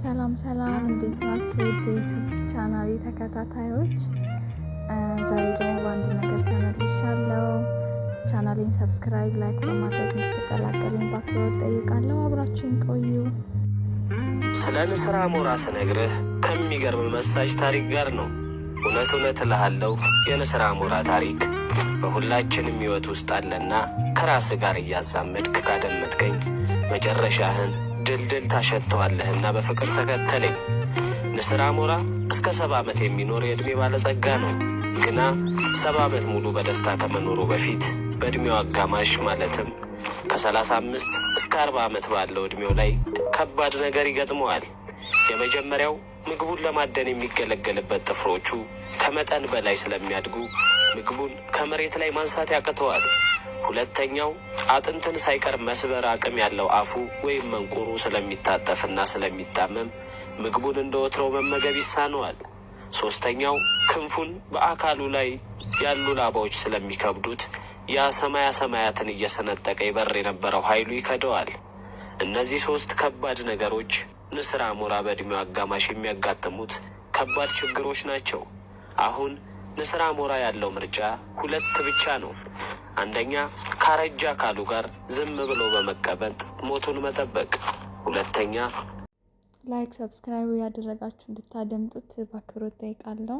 ሰላም ሰላም፣ እንዴት ናችሁ? ዩቱብ ቻናሌ ተከታታዮች፣ ዛሬ ደግሞ በአንድ ነገር ተመልሻለሁ። ቻናሌን ሰብስክራይብ፣ ላይክ በማድረግ እንድትቀላቀሉኝ በአክብሮት ጠይቃለሁ። አብራችን ቆዩ። ስለ ንስር ሞራ ስነግርህ ከሚገርም መሳጅ ታሪክ ጋር ነው። እውነት እውነት እልሃለሁ የንስር ሞራ ታሪክ በሁላችንም ሕይወት ውስጥ አለና ከራስ ጋር እያዛመድክ ካደመጥከኝ መጨረሻህን ድልድል ታሸተዋለህ እና በፍቅር ተከተለኝ። ንስር አሞራ እስከ ሰባ ዓመት የሚኖር የዕድሜ ባለጸጋ ነው። ግና ሰባ ዓመት ሙሉ በደስታ ከመኖሩ በፊት በዕድሜው አጋማሽ ማለትም ከሰላሳ አምስት እስከ አርባ ዓመት ባለው ዕድሜው ላይ ከባድ ነገር ይገጥመዋል። የመጀመሪያው ምግቡን ለማደን የሚገለገልበት ጥፍሮቹ ከመጠን በላይ ስለሚያድጉ ምግቡን ከመሬት ላይ ማንሳት ያቅተዋል። ሁለተኛው አጥንትን ሳይቀር መስበር አቅም ያለው አፉ ወይም መንቁሩ ስለሚታጠፍና ስለሚጣመም ምግቡን እንደ ወትሮው መመገብ ይሳነዋል። ሶስተኛው ክንፉን በአካሉ ላይ ያሉ ላባዎች ስለሚከብዱት ያ ሰማያ ሰማያትን እየሰነጠቀ ይበር የነበረው ኃይሉ ይከደዋል። እነዚህ ሶስት ከባድ ነገሮች ንስር አሞራ በዕድሜው አጋማሽ የሚያጋጥሙት ከባድ ችግሮች ናቸው። አሁን ለስራ ሞራ ያለው ምርጫ ሁለት ብቻ ነው። አንደኛ ካረጃ አካሉ ጋር ዝም ብሎ በመቀመጥ ሞቱን መጠበቅ፣ ሁለተኛ ላይክ ሰብስክራይብ ያደረጋችሁ እንድታደምጡት በአክብሮት ጠይቃለሁ።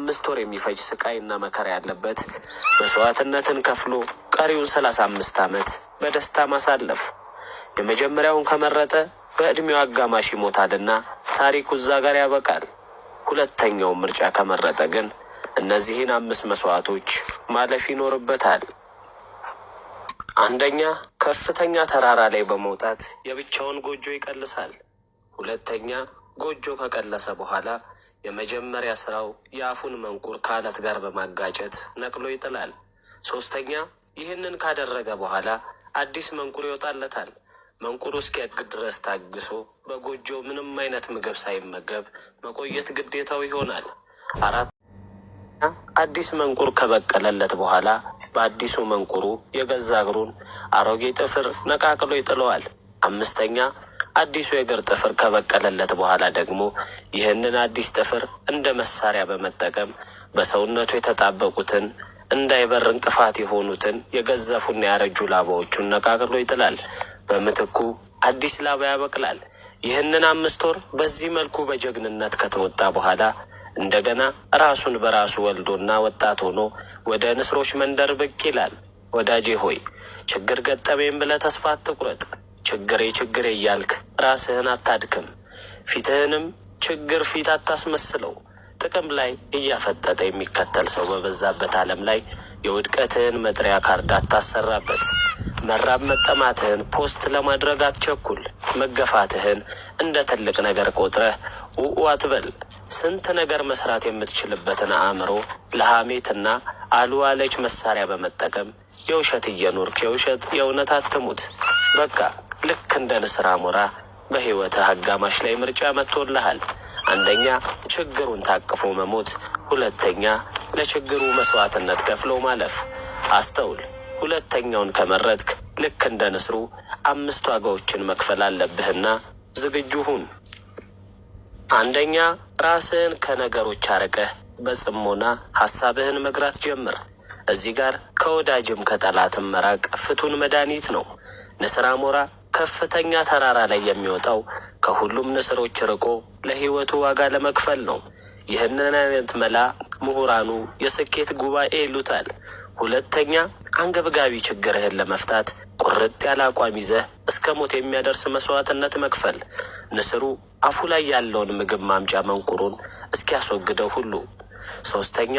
አምስት ወር የሚፈጅ ስቃይ እና መከራ ያለበት መስዋዕትነትን ከፍሎ ቀሪውን ሰላሳ አምስት ዓመት በደስታ ማሳለፍ። የመጀመሪያውን ከመረጠ በዕድሜው አጋማሽ ይሞታልና ታሪኩ እዛ ጋር ያበቃል። ሁለተኛው ምርጫ ከመረጠ ግን እነዚህን አምስት መስዋዕቶች ማለፍ ይኖርበታል። አንደኛ፣ ከፍተኛ ተራራ ላይ በመውጣት የብቻውን ጎጆ ይቀልሳል። ሁለተኛ፣ ጎጆ ከቀለሰ በኋላ የመጀመሪያ ስራው የአፉን መንቁር ከአለት ጋር በማጋጨት ነቅሎ ይጥላል። ሶስተኛ፣ ይህንን ካደረገ በኋላ አዲስ መንቁር ይወጣለታል። መንቁሩ እስኪያድግ ድረስ ታግሶ በጎጆ ምንም አይነት ምግብ ሳይመገብ መቆየት ግዴታው ይሆናል። አራት አዲስ መንቁር ከበቀለለት በኋላ በአዲሱ መንቁሩ የገዛ እግሩን አሮጌ ጥፍር ነቃቅሎ ይጥለዋል። አምስተኛ አዲሱ የእግር ጥፍር ከበቀለለት በኋላ ደግሞ ይህንን አዲስ ጥፍር እንደ መሳሪያ በመጠቀም በሰውነቱ የተጣበቁትን እንዳይበር እንቅፋት የሆኑትን የገዘፉና ያረጁ ላባዎቹን ነቃቅሎ ይጥላል። በምትኩ አዲስ ላባ ያበቅላል። ይህንን አምስት ወር በዚህ መልኩ በጀግንነት ከተወጣ በኋላ እንደገና ራሱን በራሱ ወልዶና ወጣት ሆኖ ወደ ንስሮች መንደር ብቅ ይላል። ወዳጄ ሆይ ችግር ገጠመኝ ብለህ ተስፋ አትቁረጥ። ችግሬ ችግሬ እያልክ ራስህን አታድክም። ፊትህንም ችግር ፊት አታስመስለው። ጥቅም ላይ እያፈጠጠ የሚከተል ሰው በበዛበት ዓለም ላይ የውድቀትህን መጥሪያ ካርድ አታሰራበት። መራብ መጠማትህን ፖስት ለማድረግ አትቸኩል። መገፋትህን እንደ ትልቅ ነገር ቆጥረህ ውኡ አትበል። ስንት ነገር መስራት የምትችልበትን አእምሮ ለሐሜትና አሉዋለች መሳሪያ በመጠቀም የውሸት እየኖርክ የውሸት የእውነት አትሙት። በቃ ልክ እንደ ንስር አሞራ በሕይወትህ አጋማሽ ላይ ምርጫ መጥቶልሃል። አንደኛ ችግሩን ታቅፎ መሞት፣ ሁለተኛ ለችግሩ መስዋዕትነት ከፍሎ ማለፍ። አስተውል። ሁለተኛውን ከመረጥክ ልክ እንደ ንስሩ አምስት ዋጋዎችን መክፈል አለብህና ዝግጁ ሁን። አንደኛ፣ ራስህን ከነገሮች አርቀህ በጽሞና ሐሳብህን መግራት ጀምር። እዚህ ጋር ከወዳጅም ከጠላትም መራቅ ፍቱን መድኃኒት ነው። ንስር አሞራ ከፍተኛ ተራራ ላይ የሚወጣው ከሁሉም ንስሮች ርቆ ለሕይወቱ ዋጋ ለመክፈል ነው። ይህንን አይነት መላ ምሁራኑ የስኬት ጉባኤ ይሉታል። ሁለተኛ አንገብጋቢ ችግርህን ለመፍታት ቁርጥ ያለ አቋም ይዘህ እስከ ሞት የሚያደርስ መስዋዕትነት መክፈል፣ ንስሩ አፉ ላይ ያለውን ምግብ ማምጫ መንቁሩን እስኪያስወግደው ሁሉ። ሶስተኛ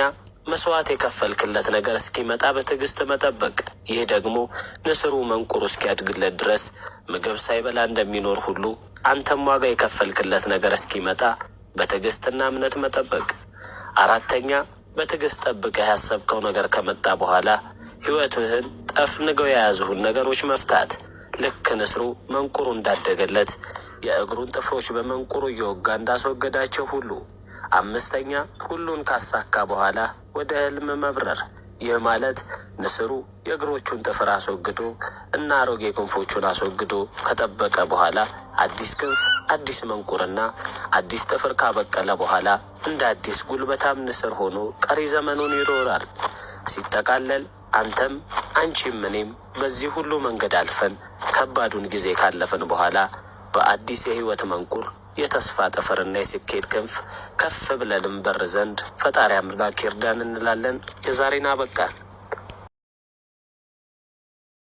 መስዋዕት የከፈልክለት ነገር እስኪመጣ በትዕግስት መጠበቅ። ይህ ደግሞ ንስሩ መንቁሩ እስኪያድግለት ድረስ ምግብ ሳይበላ እንደሚኖር ሁሉ አንተም ዋጋ የከፈልክለት ነገር እስኪመጣ በትዕግስትና እምነት መጠበቅ። አራተኛ በትዕግስት ጠብቀህ ያሰብከው ነገር ከመጣ በኋላ ሕይወትህን ጠፍንገው የያዙህን ነገሮች መፍታት ልክ ንስሩ መንቁሩ እንዳደገለት የእግሩን ጥፍሮች በመንቁሩ እየወጋ እንዳስወገዳቸው ሁሉ አምስተኛ ሁሉን ካሳካ በኋላ ወደ ህልም መብረር። ይህ ማለት ንስሩ የእግሮቹን ጥፍር አስወግዶ እና አሮጌ ክንፎቹን አስወግዶ ከጠበቀ በኋላ አዲስ ክንፍ፣ አዲስ መንቁርና አዲስ ጥፍር ካበቀለ በኋላ እንደ አዲስ ጉልበታም ንስር ሆኖ ቀሪ ዘመኑን ይኖራል። ሲጠቃለል አንተም አንቺም እኔም በዚህ ሁሉ መንገድ አልፈን ከባዱን ጊዜ ካለፈን በኋላ በአዲስ የህይወት መንቁር የተስፋ ጠፈርና የስኬት ክንፍ ከፍ ብለንም በር ዘንድ ፈጣሪ አምላክ ይርዳን እንላለን። የዛሬን አበቃን።